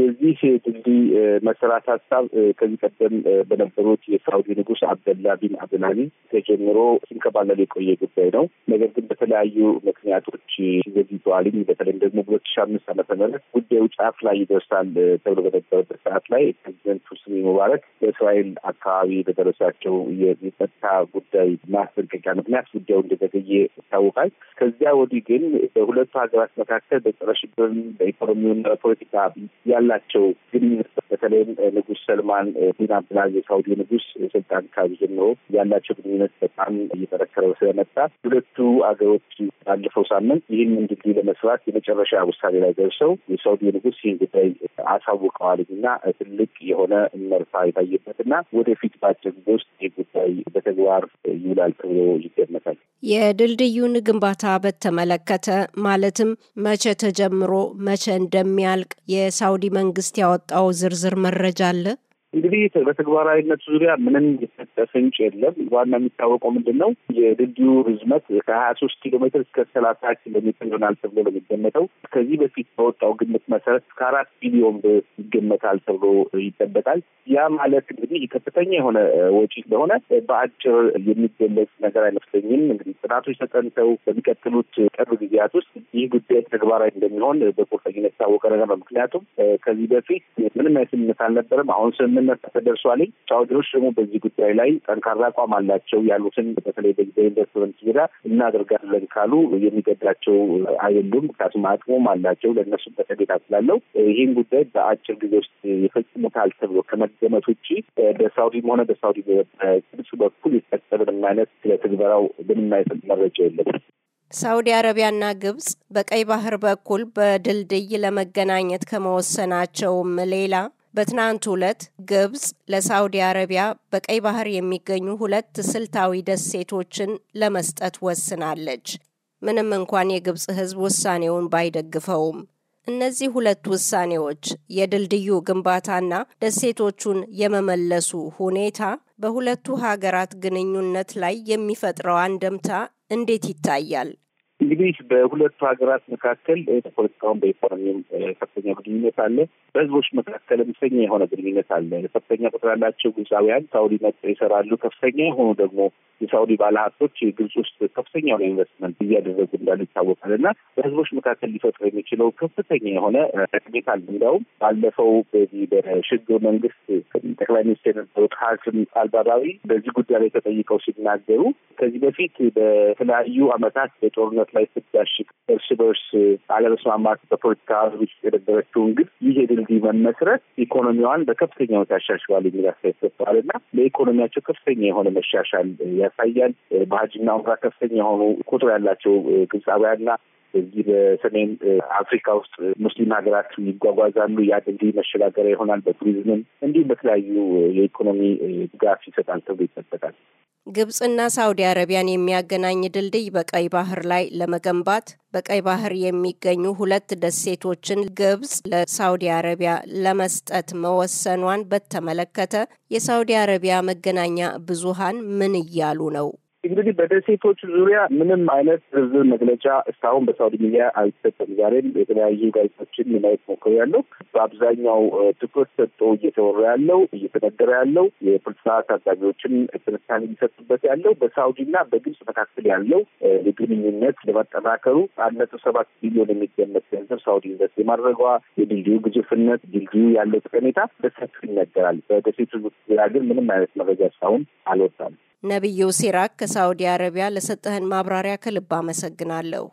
የዚህ ድልድይ መሰራት ሀሳብ ከዚህ ቀደም በነበሩት የሳውዲ ንጉስ አብደላ ቢን አብድልአዚዝ ተጀምሮ ሲንከባለል የቆየ ጉዳይ ነው። ነገር ግን በተለያዩ ምክንያቶች ዘግይተዋል። በተለይም ደግሞ ሁለት ሺ አምስት ዓመተ ምህረት ጉዳዩ ጫፍ ላይ ይደርሳል ተብሎ በነበረበት ሰዓት ላይ ፕሬዚደንት ሆስኒ ሙባረክ በእስራኤል አካባቢ በደረሳቸው የጸጥታ ጉዳይ ማስጠንቀቂያ ምክንያት ጉዳዩ እንደዘገየ ይታወቃል። ከዚያ ወዲህ ግን በሁለቱ ሀገራት መካከል በጸረ ሽብርን በኢኮኖሚውና በፖለቲካ ያለ ባላቸው ግንኙነት በተለይም ንጉስ ሰልማን ቢን አብዱልአዚዝ የሳውዲ ንጉስ ስልጣን ካዙ ጀምሮ ያላቸው ግንኙነት በጣም እየጠረከረ ስለመጣ ሁለቱ አገሮች ባለፈው ሳምንት ይህን ድልድይ ለመስራት የመጨረሻ ውሳኔ ላይ ደርሰው የሳውዲ ንጉስ ይህን ጉዳይ አሳውቀዋል እና ትልቅ የሆነ መርታ የታየበትና ወደፊት በአጭር ጊዜ ውስጥ ይህ ጉዳይ በተግባር ይውላል ተብሎ ይገመታል። የድልድዩን ግንባታ በተመለከተ ማለትም መቼ ተጀምሮ መቼ እንደሚያልቅ የሳውዲ መንግስት ያወጣው ዝርዝር መረጃ አለ። እንግዲህ በተግባራዊነት ዙሪያ ምንም የሰጠ ፍንጭ የለም። ዋና የሚታወቀው ምንድን ነው? የድልድዩ ርዝመት ከሀያ ሶስት ኪሎ ሜትር እስከ ሰላሳ ኪሎ ሜትር ይሆናል ተብሎ ነው የሚገመተው። ከዚህ በፊት በወጣው ግምት መሰረት እስከ አራት ቢሊዮን ይገመታል ተብሎ ይጠበቃል። ያ ማለት እንግዲህ ከፍተኛ የሆነ ወጪ ስለሆነ በአጭር የሚገለጽ ነገር አይመስለኝም። እንግዲህ ጥናቶች ተጠንተው በሚቀጥሉት ቅርብ ጊዜያት ውስጥ ይህ ጉዳይ ተግባራዊ እንደሚሆን በቁርጠኝነት የታወቀ ነገር ነው። ምክንያቱም ከዚህ በፊት ምንም አይነት ስምምነት አልነበረም። አሁን ስም ስምምነት ተደርሷል። ሳዑዲዎች ደግሞ በዚህ ጉዳይ ላይ ጠንካራ አቋም አላቸው ያሉትን በተለይ በጊዜ ኢንቨስትመንት ዙሪያ እናደርጋለን ካሉ የሚገዳቸው አይደሉም። ምክንያቱም አቅሙም አላቸው ለእነሱ በተገዳ ስላለው ይህን ጉዳይ በአጭር ጊዜ ውስጥ ይፈጽሙታል ተብሎ ከመገመት ውጭ በሳውዲም ሆነ በሳውዲ በግብጽ በኩል የተሰጠ ምንም አይነት ለትግበራው ምንም አይነት መረጃ የለም። ሳውዲ አረቢያና ግብጽ በቀይ ባህር በኩል በድልድይ ለመገናኘት ከመወሰናቸውም ሌላ በትናንት ዕለት ግብፅ ለሳውዲ አረቢያ በቀይ ባህር የሚገኙ ሁለት ስልታዊ ደሴቶችን ለመስጠት ወስናለች። ምንም እንኳን የግብጽ ሕዝብ ውሳኔውን ባይደግፈውም እነዚህ ሁለት ውሳኔዎች የድልድዩ ግንባታና ደሴቶቹን የመመለሱ ሁኔታ በሁለቱ ሀገራት ግንኙነት ላይ የሚፈጥረው አንደምታ እንዴት ይታያል? እንግዲህ በሁለቱ ሀገራት መካከል ፖለቲካውን በኢኮኖሚም ከፍተኛ ግንኙነት አለ። በህዝቦች መካከል ምሰኛ የሆነ ግንኙነት አለ። ከፍተኛ ቁጥር ያላቸው ግብፃውያን ሳውዲ መጥተው ይሰራሉ። ከፍተኛ የሆኑ ደግሞ የሳውዲ ባለሀብቶች ግብጽ ውስጥ ከፍተኛ የሆነ ኢንቨስትመንት እያደረጉ እንዳሉ ይታወቃል እና በህዝቦች መካከል ሊፈጥር የሚችለው ከፍተኛ የሆነ ጠቀሜታ አለ። እንዲያውም ባለፈው በዚህ በሽግግር መንግስት ጠቅላይ ሚኒስትር የነበሩት ሀሰን አልባባዊ በዚህ ጉዳይ ላይ ተጠይቀው ሲናገሩ ከዚህ በፊት በተለያዩ አመታት በጦርነት መሰረት ላይ ስታሽግ እርስ በርስ አለመስማማት በፖለቲካ ውስጥ የደበረችውን ግብ ይህ የድልድይ መመስረት ኢኮኖሚዋን በከፍተኛ ሁኔታ ያሻሽባል የሚል አስተያየት ሰጥተዋል እና ለኢኮኖሚያቸው ከፍተኛ የሆነ መሻሻል ያሳያል። በሀጅና ዑምራ ከፍተኛ የሆኑ ቁጥር ያላቸው ግብፃውያንና እዚህ በሰሜን አፍሪካ ውስጥ ሙስሊም ሀገራት ይጓጓዛሉ። ያ ድልድይ መሸጋገሪያ ይሆናል። በቱሪዝምም እንዲሁም በተለያዩ የኢኮኖሚ ድጋፍ ይሰጣል ተብሎ ይጠበቃል። ግብፅና ሳውዲ አረቢያን የሚያገናኝ ድልድይ በቀይ ባህር ላይ ለመገንባት በቀይ ባህር የሚገኙ ሁለት ደሴቶችን ግብፅ ለሳውዲ አረቢያ ለመስጠት መወሰኗን በተመለከተ የሳውዲ አረቢያ መገናኛ ብዙሃን ምን እያሉ ነው? እንግዲህ በደሴቶች ዙሪያ ምንም አይነት ዝርዝር መግለጫ እስካሁን በሳውዲ ሚዲያ አልሰጠም። ዛሬም የተለያዩ ጋዜጦችን ለማየት ሞክሬ ያለው በአብዛኛው ትኩረት ሰጥቶ እየተወራ ያለው እየተነገረ ያለው የፖለቲካ ታዛቢዎችን ትንታኔ የሚሰጡበት ያለው በሳውዲና በግብጽ መካከል ያለው የግንኙነት ለማጠናከሩ አንድ ነጥብ ሰባት ቢሊዮን የሚገመት ገንዘብ ሳውዲ ኢንቨስት የማድረጓ የድልድዩ ግዙፍነት፣ ድልድዩ ያለው ጠቀሜታ በሰፊው ይነገራል። በደሴቱ ዙሪያ ግን ምንም አይነት መረጃ እስካሁን አልወጣም። ነቢዩ ሲራክ ከሳዑዲ አረቢያ ለሰጠህን ማብራሪያ ከልብ አመሰግናለሁ።